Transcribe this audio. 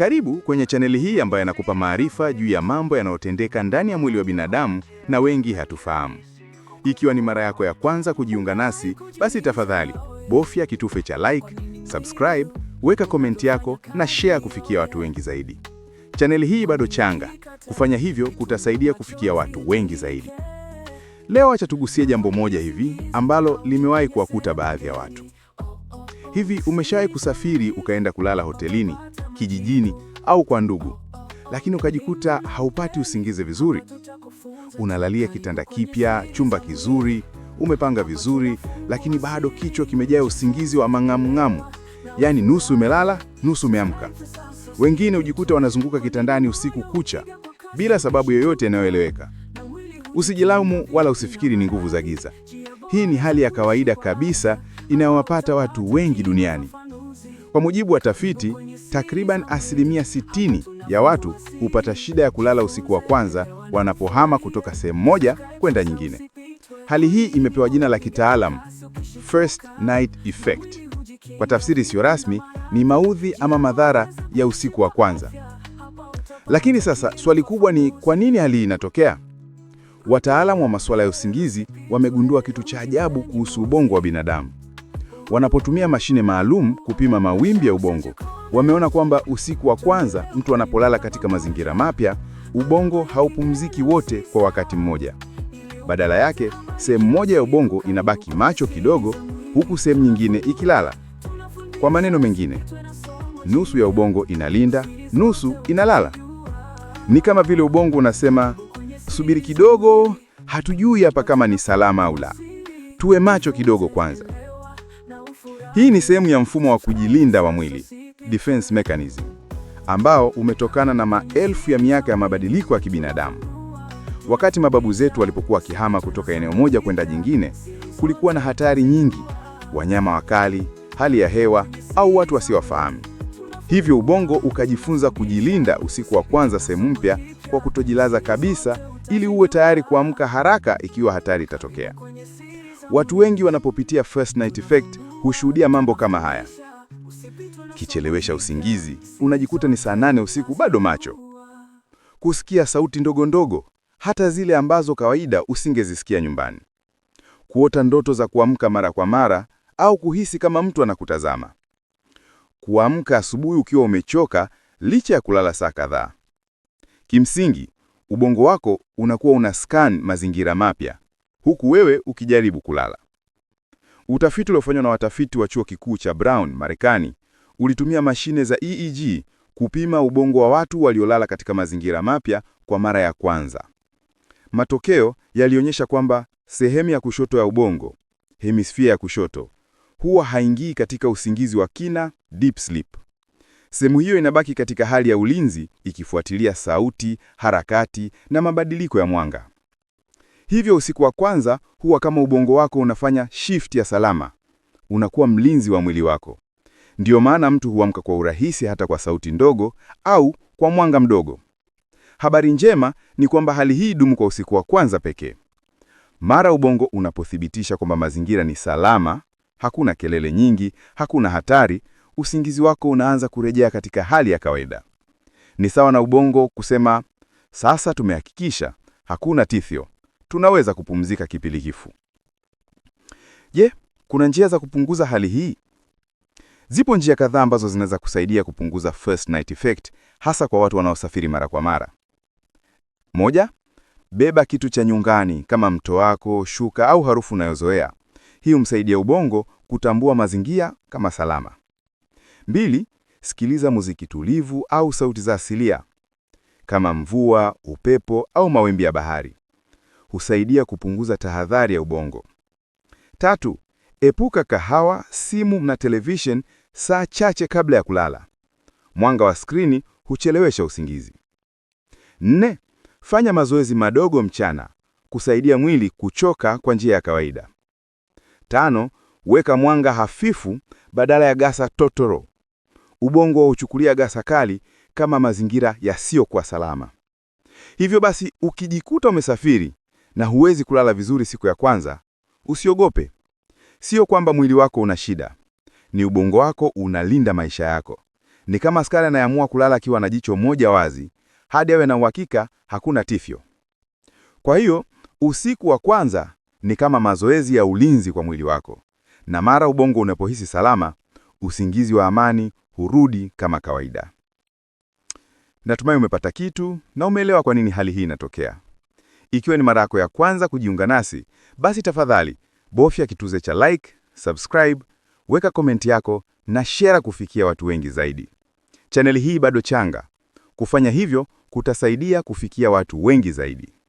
Karibu kwenye chaneli hii ambayo inakupa maarifa juu ya mambo yanayotendeka ndani ya mwili wa binadamu na wengi hatufahamu. Ikiwa ni mara yako ya kwanza kujiunga nasi, basi tafadhali bofya kitufe cha like, subscribe, weka komenti yako na share kufikia watu wengi zaidi. Chaneli hii bado changa, kufanya hivyo kutasaidia kufikia watu wengi zaidi. Leo acha tugusie jambo moja hivi ambalo limewahi kuwakuta baadhi ya watu. Hivi, umeshawahi kusafiri ukaenda kulala hotelini kijijini au kwa ndugu, lakini ukajikuta haupati usingizi vizuri. Unalalia kitanda kipya, chumba kizuri, umepanga vizuri, lakini bado kichwa kimejaa usingizi wa mang'amng'amu, yaani nusu umelala, nusu umeamka. Wengine hujikuta wanazunguka kitandani usiku kucha bila sababu yoyote inayoeleweka. Usijilaumu wala usifikiri ni nguvu za giza. Hii ni hali ya kawaida kabisa inayowapata watu wengi duniani. Kwa mujibu wa tafiti, takriban asilimia 60 ya watu hupata shida ya kulala usiku wa kwanza wanapohama kutoka sehemu moja kwenda nyingine. Hali hii imepewa jina la kitaalamu First Night Effect. Kwa tafsiri isiyo rasmi, ni maudhi ama madhara ya usiku wa kwanza. Lakini sasa swali kubwa ni kwa nini hali hii inatokea? Wataalamu wa masuala ya usingizi wamegundua kitu cha ajabu kuhusu ubongo wa binadamu. Wanapotumia mashine maalum kupima mawimbi ya ubongo, wameona kwamba usiku wa kwanza mtu anapolala katika mazingira mapya, ubongo haupumziki wote kwa wakati mmoja. Badala yake, sehemu moja ya ubongo inabaki macho kidogo, huku sehemu nyingine ikilala. Kwa maneno mengine, nusu ya ubongo inalinda, nusu inalala. Ni kama vile ubongo unasema, subiri kidogo, hatujui hapa kama ni salama au la. Tuwe macho kidogo kwanza. Hii ni sehemu ya mfumo wa kujilinda wa mwili, defense mechanism, ambao umetokana na maelfu ya miaka ya mabadiliko ya kibinadamu. Wakati mababu zetu walipokuwa wakihama kutoka eneo moja kwenda jingine, kulikuwa na hatari nyingi: wanyama wakali, hali ya hewa au watu wasiowafahamu. Hivyo ubongo ukajifunza kujilinda usiku wa kwanza sehemu mpya kwa kutojilaza kabisa, ili uwe tayari kuamka haraka ikiwa hatari itatokea. Watu wengi wanapopitia first night effect hushuhudia mambo kama haya. Kichelewesha usingizi, unajikuta ni saa nane usiku bado macho. Kusikia sauti ndogo ndogo, hata zile ambazo kawaida usingezisikia nyumbani. Kuota ndoto za kuamka mara kwa mara au kuhisi kama mtu anakutazama. Kuamka asubuhi ukiwa umechoka licha ya kulala saa kadhaa. Kimsingi, ubongo wako unakuwa una scan mazingira mapya, huku wewe ukijaribu kulala. Utafiti uliofanywa na watafiti wa chuo kikuu cha Brown, Marekani, ulitumia mashine za EEG kupima ubongo wa watu waliolala katika mazingira mapya kwa mara ya kwanza. Matokeo yalionyesha kwamba sehemu ya kushoto ya ubongo, hemisphere ya kushoto, huwa haingii katika usingizi wa kina, deep sleep. Sehemu hiyo inabaki katika hali ya ulinzi ikifuatilia sauti, harakati na mabadiliko ya mwanga. Hivyo usiku wa kwanza huwa kama ubongo wako unafanya shift ya salama, unakuwa mlinzi wa mwili wako. Ndiyo maana mtu huamka kwa urahisi, hata kwa sauti ndogo au kwa mwanga mdogo. Habari njema ni kwamba hali hii dumu kwa usiku wa kwanza pekee. Mara ubongo unapothibitisha kwamba mazingira ni salama, hakuna kelele nyingi, hakuna hatari, usingizi wako unaanza kurejea katika hali ya kawaida. Ni sawa na ubongo kusema sasa tumehakikisha hakuna tithio, tunaweza kupumzika kipilikifu. Je, kuna njia za kupunguza hali hii? Zipo njia kadhaa ambazo zinaweza kusaidia kupunguza first night effect, hasa kwa watu wanaosafiri mara kwa mara. Moja, beba kitu cha nyungani kama mto wako, shuka au harufu unayozoea. Hii humsaidia ubongo kutambua mazingira kama salama. Mbili, sikiliza muziki tulivu au sauti za asilia kama mvua, upepo au mawimbi ya bahari husaidia kupunguza tahadhari ya ubongo. Tatu, epuka kahawa, simu na television saa chache kabla ya kulala. Mwanga wa skrini huchelewesha usingizi. Nne, fanya mazoezi madogo mchana kusaidia mwili kuchoka kwa njia ya kawaida. Tano, weka mwanga hafifu badala ya gasa totoro. Ubongo huchukulia gasa kali kama mazingira yasiyokuwa salama. Hivyo basi, ukijikuta umesafiri na huwezi kulala vizuri siku ya kwanza, usiogope. Sio kwamba mwili wako una shida, ni ubongo wako unalinda maisha yako. Ni kama askari anayeamua kulala akiwa na jicho moja wazi hadi awe na uhakika hakuna tifyo. Kwa hiyo usiku wa kwanza ni kama mazoezi ya ulinzi kwa mwili wako, na mara ubongo unapohisi salama, usingizi wa amani hurudi kama kawaida. Natumai umepata kitu na umeelewa kwa nini hali hii inatokea. Ikiwa ni mara yako ya kwanza kujiunga nasi, basi tafadhali bofya kituze cha like, subscribe, weka komenti yako na share kufikia watu wengi zaidi. Chaneli hii bado changa. Kufanya hivyo kutasaidia kufikia watu wengi zaidi.